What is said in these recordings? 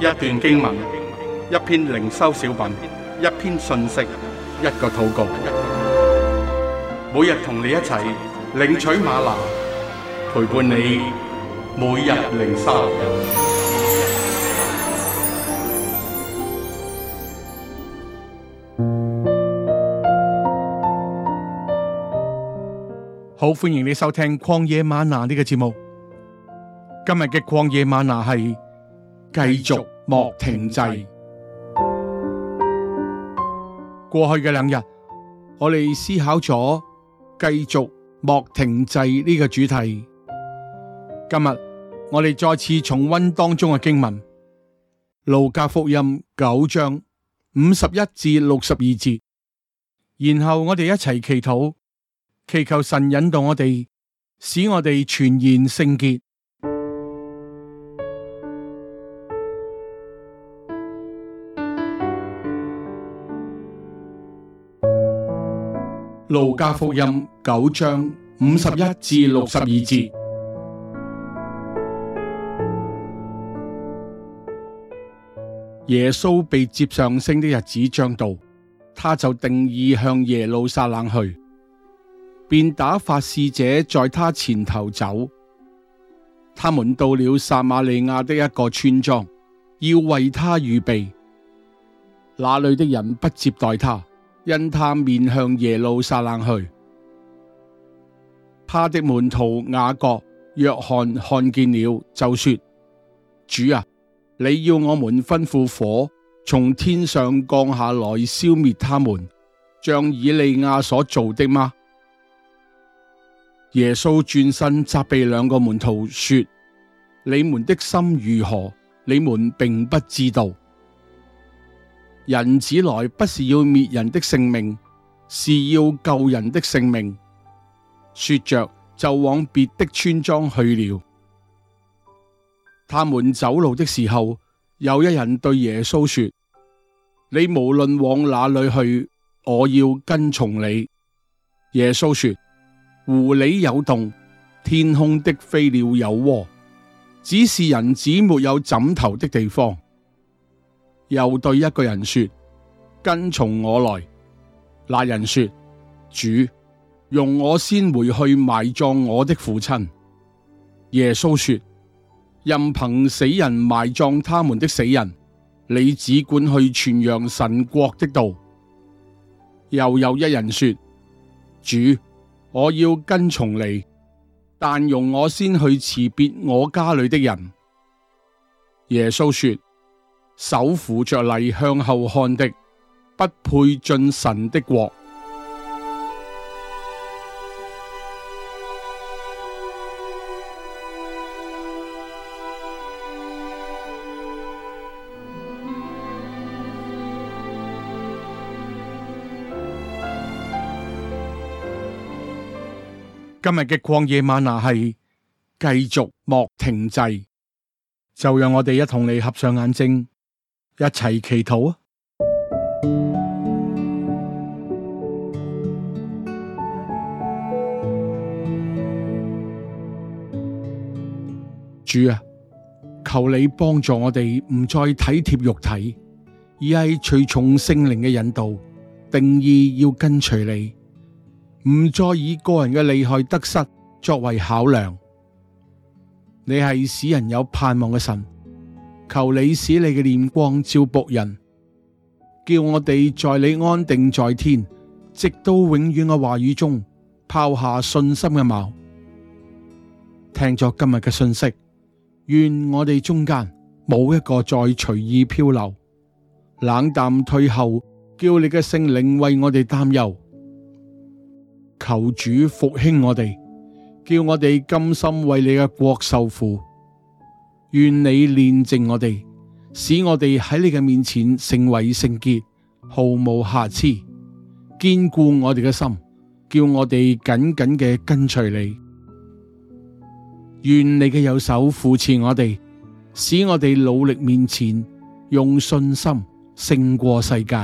一段經文，一篇靈修小品，一篇信息，一個禱告。每日同你一齊領取嗎哪，陪伴你每日靈修。好，歡迎你收聽《曠野嗎哪》呢個節目。今日嘅《曠野嗎哪》係，繼續莫停滯。過去嘅兩日，我哋思考咗繼續莫停滯呢個主題。今日我哋再次重溫當中嘅經文《路加福音》九章五十一至六十二節，然後我哋一齊祈禱，祈求神引導我哋，使我哋全然聖潔。路加福音九章五十一至六十二節，耶穌被接上升的日子將到，他就定意向耶路撒冷去，便打發使者在他前頭走。他們到了撒瑪利亞的一個村莊，要為他預備。那裏的人不接待他。因他面向耶路撒冷去，他的門徒雅各、約翰看見了，就說：主啊，你要我們吩咐火從天上降下來消滅他們，像以利亞所做的嗎？耶穌轉身責備兩個門徒說：你們的心如何，你們並不知道。人子來不是要滅人的性命，是要救人的性命。說着就往別的村莊去了。他們走路的時候，有一人對耶穌說：你無論往哪裏去，我要跟從你。耶穌說：狐狸有洞，天空的飛鳥有窩，只是人子沒有枕頭的地方。又對一個人說：跟從我來。那人說：主，容我先回去埋葬我的父親。耶穌說：任憑死人埋葬他們的死人，你只管去傳揚神國的道。又有一人說：主，我要跟從你，但容我先去辭別我家裏的人。耶穌說。手扶着犁向後看的，不配進神的國。今日嘅曠野嗎哪係繼續莫停滯，就讓我哋一同嚟合上眼睛。一齊祈禱啊！主啊，求你幫助我哋唔再體貼肉體，而係隨從聖靈嘅引導，定意要跟隨你，唔再以個人嘅利害得失作為考量。你係使人有盼望嘅神。求你使你嘅念光照僕人，叫我哋在你安定在天，直到永遠嘅話語中拋下信心嘅錨。聽咗今日嘅信息，願我哋中間冇一個再隨意漂流、冷淡退後，叫你嘅聖靈為我哋擔憂，求主復興我哋，叫我哋甘心為你嘅國受苦。願你煉淨我哋，使我哋喺你嘅面前成為聖潔，毫無瑕疵；堅固我哋嘅心，叫我哋緊緊嘅跟隨你。願你嘅右手扶持我哋，使我哋努力面前，用信心勝過世界，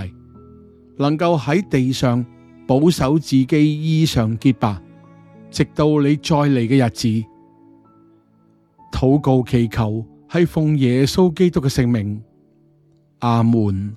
能夠喺地上保守自己衣裳潔白，直到你再嚟嘅日子。禱告祈求係奉耶穌基督嘅聖名，阿門。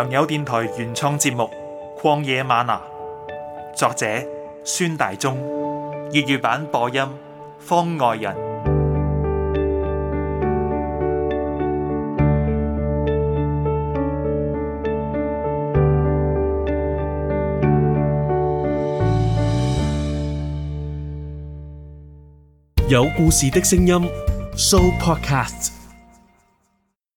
良友電台原創節目《曠野馬拿》，作者孫大忠，粵語版播音方愛人，有故事的聲音，Show Podcast。